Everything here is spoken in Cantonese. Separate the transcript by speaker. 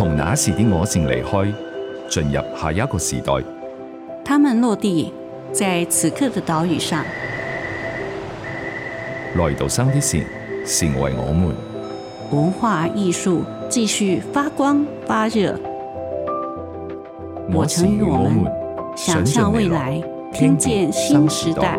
Speaker 1: 從那時的我城離開，進入下一個時代。他們落地在此刻的島嶼上，來到生的城，成為我們。文化藝術繼續發光發熱。我城與我們，想象未來，聽見新時代。